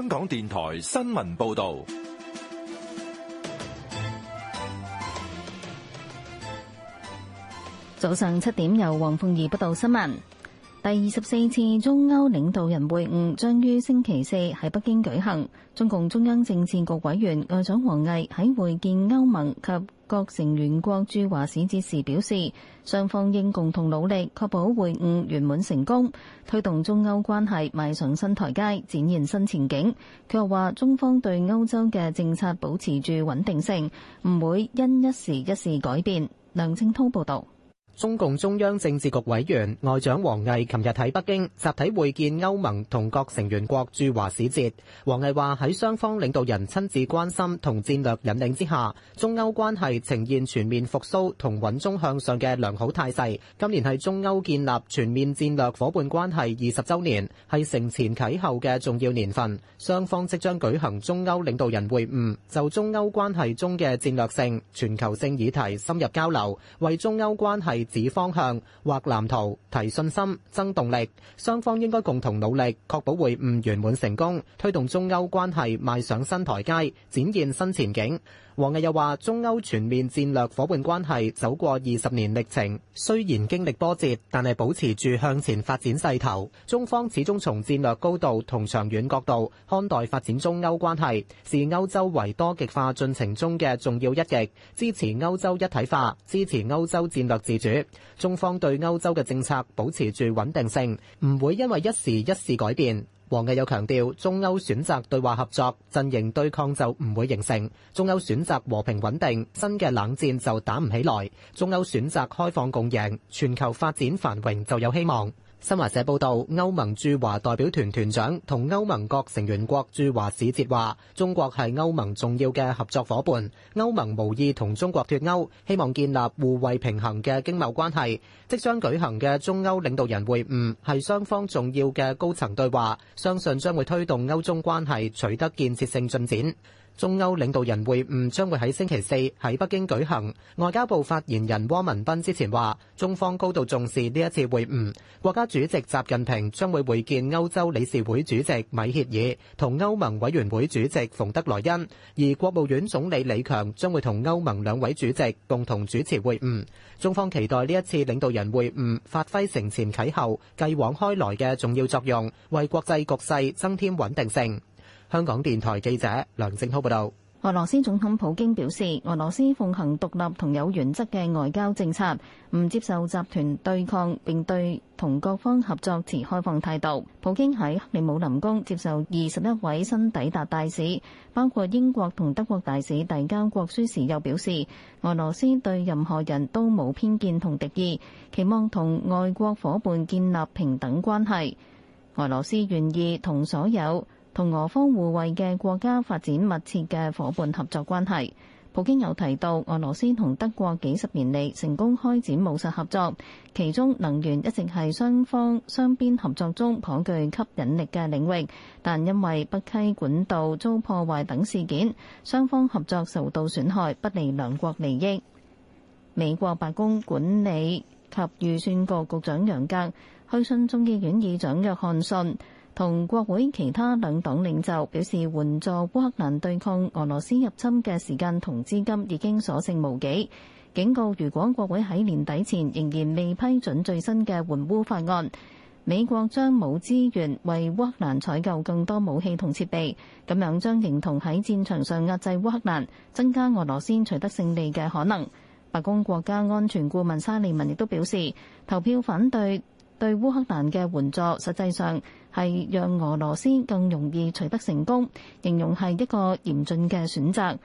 香港電台新聞報道，早上七點由黃鳳儀報道新聞。第二十四次中歐領導人會晤將於星期四喺北京舉行。中共中央政治局委員、外長王毅喺會見歐盟及。各成員國駐華使節時表示，雙方應共同努力，確保會晤圓滿成功，推動中歐關係邁上新台階，展現新前景。佢又話，中方對歐洲嘅政策保持住穩定性，唔會因一時一事改變。梁清滔報道。中共中央政治局委員外長王毅琴日喺北京集體會見歐盟同各成員國駐華使節。王毅話，喺雙方領導人親自關心同戰略引領之下，中歐關係呈現全面復蘇同穩中向上嘅良好態勢。今年係中歐建立全面戰略夥伴關係二十周年，係承前啟後嘅重要年份。雙方即將舉行中歐領導人會晤，就中歐關係中嘅戰略性、全球性議題深入交流，為中歐關係。指方向、畫藍圖，提信心，增動力。雙方應該共同努力，確保會晤圓滿成功，推動中歐關係邁上新台階，展現新前景。王毅又話：中歐全面戰略伙伴關係走過二十年歷程，雖然經歷波折，但係保持住向前發展勢頭。中方始終從戰略高度同長遠角度看待發展中歐關係，是歐洲為多極化進程中嘅重要一極，支持歐洲一體化，支持歐洲戰略自主。中方對歐洲嘅政策保持住穩定性，唔會因為一時一事改變。王毅又強調，中歐選擇對話合作，陣營對抗就唔會形成；中歐選擇和平穩定，新嘅冷戰就打唔起來；中歐選擇開放共贏，全球發展繁榮就有希望。新華社報道，歐盟駐華代表團團長同歐盟各成員國駐華使節話，中國係歐盟重要嘅合作夥伴，歐盟無意同中國脫歐，希望建立互惠平衡嘅經貿關係。即將舉行嘅中歐領導人會晤係雙方重要嘅高層對話，相信將會推動歐中關係取得建設性進展。中歐領導人會晤將會喺星期四喺北京舉行。外交部發言人汪文斌之前話：中方高度重視呢一次會晤，國家主席習近平將會會見歐洲理事會主席米歇爾同歐盟委員會主席馮德萊恩，而國務院總理李強將會同歐盟兩位主席共同主持會晤。中方期待呢一次領導人會晤發揮承前啟後、繼往開來嘅重要作用，為國際局勢增添穩定性。香港電台記者梁正濤報道。俄羅斯總統普京表示，俄羅斯奉行獨立同有原則嘅外交政策，唔接受集團對抗，並對同各方合作持開放態度。普京喺克里姆林宮接受二十一位新抵達大使，包括英國同德國大使遞交國書時，又表示俄羅斯對任何人都冇偏見同敵意，期望同外國伙伴建立平等關係。俄羅斯願意同所有。同俄方互惠嘅國家發展密切嘅伙伴合作關係。普京有提到，俄羅斯同德國幾十年嚟成功開展務實合作，其中能源一直係雙方雙邊合作中頗具吸引力嘅領域。但因為北溪管道遭破壞等事件，雙方合作受到損害，不利兩國利益。美國白宮管理及預算局局長楊格去信眾議院議長約翰遜。同國會其他兩黨領袖表示，援助烏克蘭對抗俄羅斯入侵嘅時間同資金已經所剩無幾，警告如果國會喺年底前仍然未批准最新嘅援烏法案，美國將冇資源為烏克蘭採購更多武器同設備，咁樣將形同喺戰場上壓制烏克蘭，增加俄羅斯取得勝利嘅可能。白宮國家安全顧問沙利文亦都表示，投票反對。對烏克蘭嘅援助，實際上係讓俄羅斯更容易取得成功，形容係一個嚴峻嘅選擇。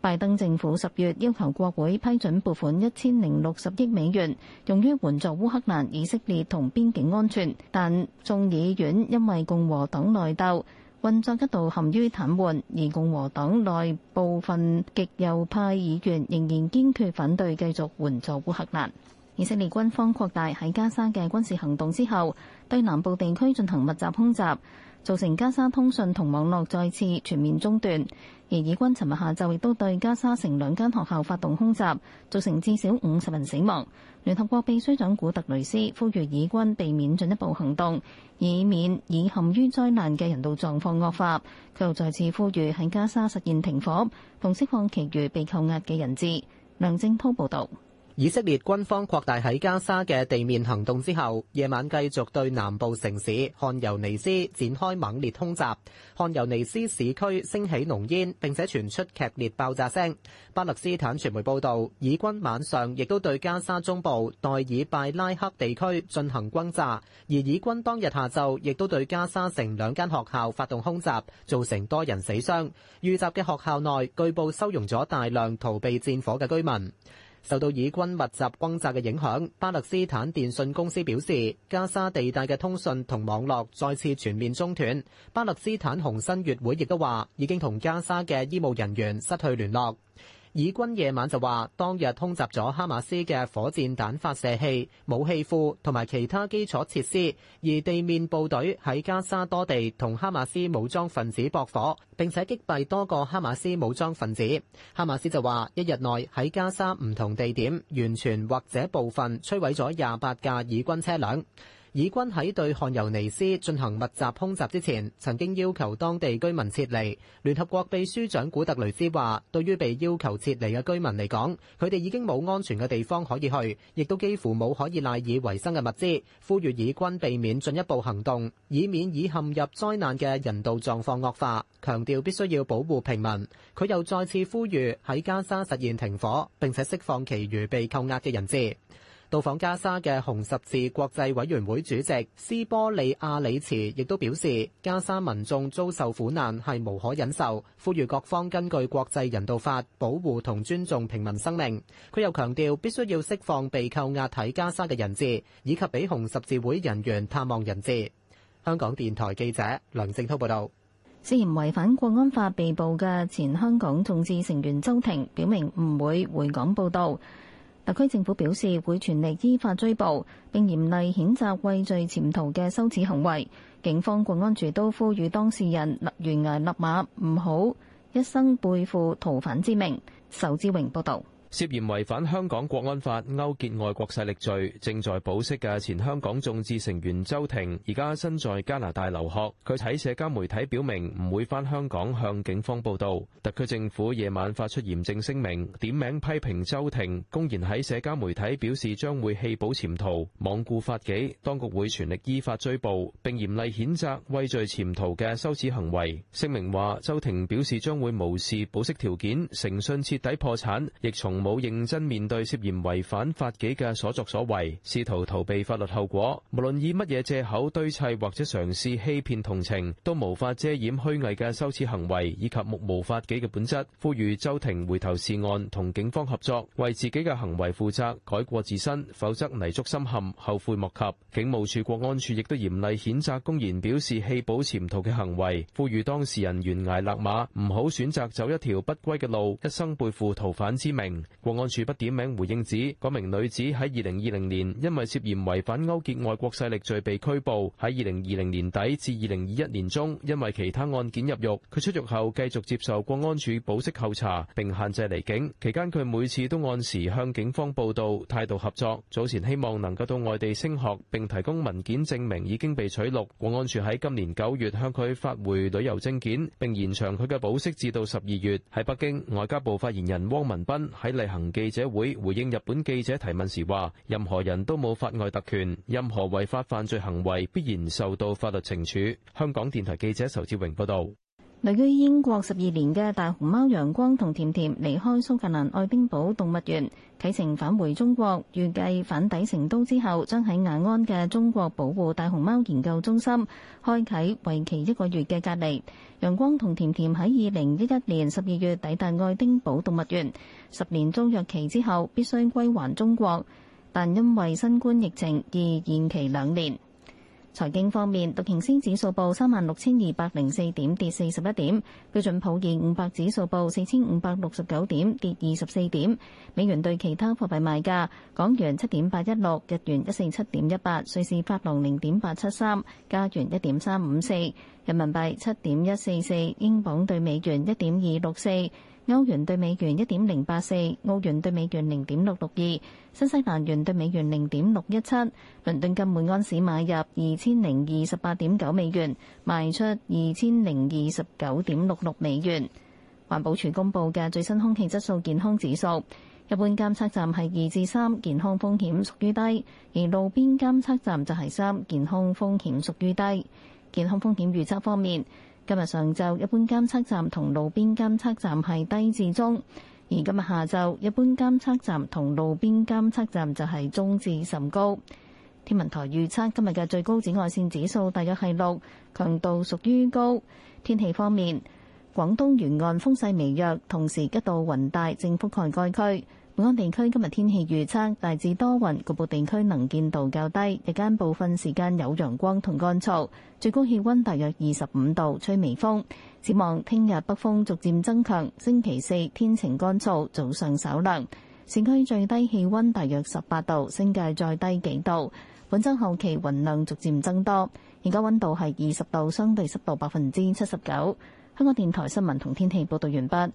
拜登政府十月要求國會批准撥款一千零六十億美元，用於援助烏克蘭、以色列同邊境安全，但眾議院因為共和黨內鬥，運作一度陷於癱瘓，而共和黨內部分極右派議員仍然堅決反對繼續援助烏克蘭。以色列軍方擴大喺加沙嘅軍事行動之後，對南部地區進行密集空襲，造成加沙通訊同網絡再次全面中斷。而以軍尋日下晝亦都對加沙城兩間學校發動空襲，造成至少五十人死亡。聯合國秘書長古特雷斯呼籲以軍避免進一步行動，以免已陷於災難嘅人道狀況惡化。佢又再次呼籲喺加沙實現停火，同釋放其餘被扣押嘅人質。梁正滔報導。以色列軍方擴大喺加沙嘅地面行動之後，夜晚繼續對南部城市汗尤尼斯展開猛烈空襲。汗尤尼斯市區升起濃煙，並且傳出劇烈爆炸聲。巴勒斯坦傳媒報道，以軍晚上亦都對加沙中部代爾拜拉克地區進行轟炸，而以軍當日下晝亦都對加沙城兩間學校發動空襲，造成多人死傷。遇襲嘅學校內據報收容咗大量逃避戰火嘅居民。受到以軍密集轟炸嘅影響，巴勒斯坦電訊公司表示，加沙地帶嘅通訊同網絡再次全面中斷。巴勒斯坦紅新月會亦都話，已經同加沙嘅醫務人員失去聯絡。以軍夜晚就話，當日空襲咗哈馬斯嘅火箭彈發射器、武器庫同埋其他基礎設施，而地面部隊喺加沙多地同哈馬斯武裝分子駁火，並且擊斃多個哈馬斯武裝分子。哈馬斯就話，一日內喺加沙唔同地點完全或者部分摧毀咗廿八架以軍車輛。以軍喺對漢尤尼斯進行密集空襲之前，曾經要求當地居民撤離。聯合國秘書長古特雷斯話：對於被要求撤離嘅居民嚟講，佢哋已經冇安全嘅地方可以去，亦都幾乎冇可以賴以維生嘅物資。呼籲以軍避免進一步行動，以免已陷入災難嘅人道狀況惡化，強調必須要保護平民。佢又再次呼籲喺加沙實現停火，並且釋放其餘被扣押嘅人質。到訪加沙嘅紅十字國際委員會主席斯波利亞里茨亦都表示，加沙民眾遭受苦難係無可忍受，呼籲各方根據國際人道法保護同尊重平民生命。佢又強調，必須要釋放被扣押喺加沙嘅人質，以及俾紅十字會人員探望人質。香港電台記者梁正濤報道，涉嫌違反國安法被捕嘅前香港眾志成員周庭，表明唔會回港報到。特區政府表示會全力依法追捕，並嚴厲譴責畏罪潛逃嘅羞恥行為。警方國安處都呼籲當事人立懸崖勒馬，唔好一生背負逃犯之名。仇志榮報道。涉嫌違反香港國安法勾結外國勢力罪，正在保釋嘅前香港眾志成員周庭，而家身在加拿大留學。佢喺社交媒體表明唔會返香港向警方報道。特區政府夜晚發出嚴正聲明，點名批評周庭公然喺社交媒體表示將會棄保潛逃，罔顧法紀，當局會全力依法追捕並嚴厲譴責畏罪潛逃嘅羞恥行為。聲明話，周庭表示將會無視保釋條件，誠信徹底破產，亦從冇認真面對涉嫌違反法紀嘅所作所為，試圖逃避法律後果，無論以乜嘢借口堆砌或者嘗試欺騙同情，都無法遮掩虛偽嘅羞恥行為以及目無法紀嘅本質。呼籲周庭回頭是岸，同警方合作，為自己嘅行為負責，改過自身，否則泥足深陷，後悔莫及。警務處國安處亦都嚴厲譴責公然表示棄保潛逃嘅行為，呼籲當事人懸崖勒馬，唔好選擇走一條不歸嘅路，一生背負逃犯之名。國安處不點名回應指，嗰名女子喺二零二零年因為涉嫌違反勾結外國勢力罪被拘捕，喺二零二零年底至二零二一年中因為其他案件入獄。佢出獄後繼續接受國安處保釋候查，並限制離境。期間佢每次都按時向警方報到，態度合作。早前希望能夠到外地升學，並提供文件證明已經被取錄。國安處喺今年九月向佢發回旅遊證件，並延長佢嘅保釋至到十二月。喺北京，外交部發言人汪文斌喺例行記者會回應日本記者提問時話，任何人都冇法外特權，任何違法犯罪行為必然受到法律懲處。香港電台記者仇志榮報道。旅於英國十二年嘅大熊貓陽光同甜甜離開蘇格蘭愛丁堡動物園，啟程返回中國，預計返抵成都之後，將喺雅安嘅中國保護大熊貓研究中心開啟，為期一個月嘅隔離。陽光同甜甜喺二零一一年十二月抵達愛丁堡動物園，十年租約期之後必須歸還中國，但因為新冠疫情而延期兩年。財經方面，道瓊斯指數報3萬6千2百零四點，跌41點；標準普爾500指數報4千5百69點，跌24點。美元對其他貨幣賣價：港元7.816，日元147.18，瑞士法郎0.873，加元1.354，人民幣7.144，英鎊對美元1.264。歐元對美元一點零八四，澳元對美元零點六六二，新西蘭元對美元零點六一七。倫敦金每安士買入二千零二十八點九美元，賣出二千零二十九點六六美元。環保署公佈嘅最新空氣質素健康指數，一般監測站係二至三，健康風險屬於低；而路邊監測站就係三，健康風險屬於低。健康風險預測方面。今日上晝一般監測站同路邊監測站係低至中，而今日下晝一般監測站同路邊監測站就係中至甚高。天文台預測今日嘅最高紫外線指數大約係六，強度屬於高。天氣方面，廣東沿岸風勢微弱，同時一道雲帶正覆蓋該區。本港地區今日天氣預測，大致多雲，局部地區能見度較低，日間部分時間有陽光同乾燥，最高氣溫大約二十五度，吹微風。展望聽日北風逐漸增強，星期四天晴乾燥，早上稍涼，市區最低氣溫大約十八度，新界再低幾度。本周後期雲量逐漸增多，而家溫度係二十度，相對濕度百分之七十九。香港電台新聞同天氣報道完畢。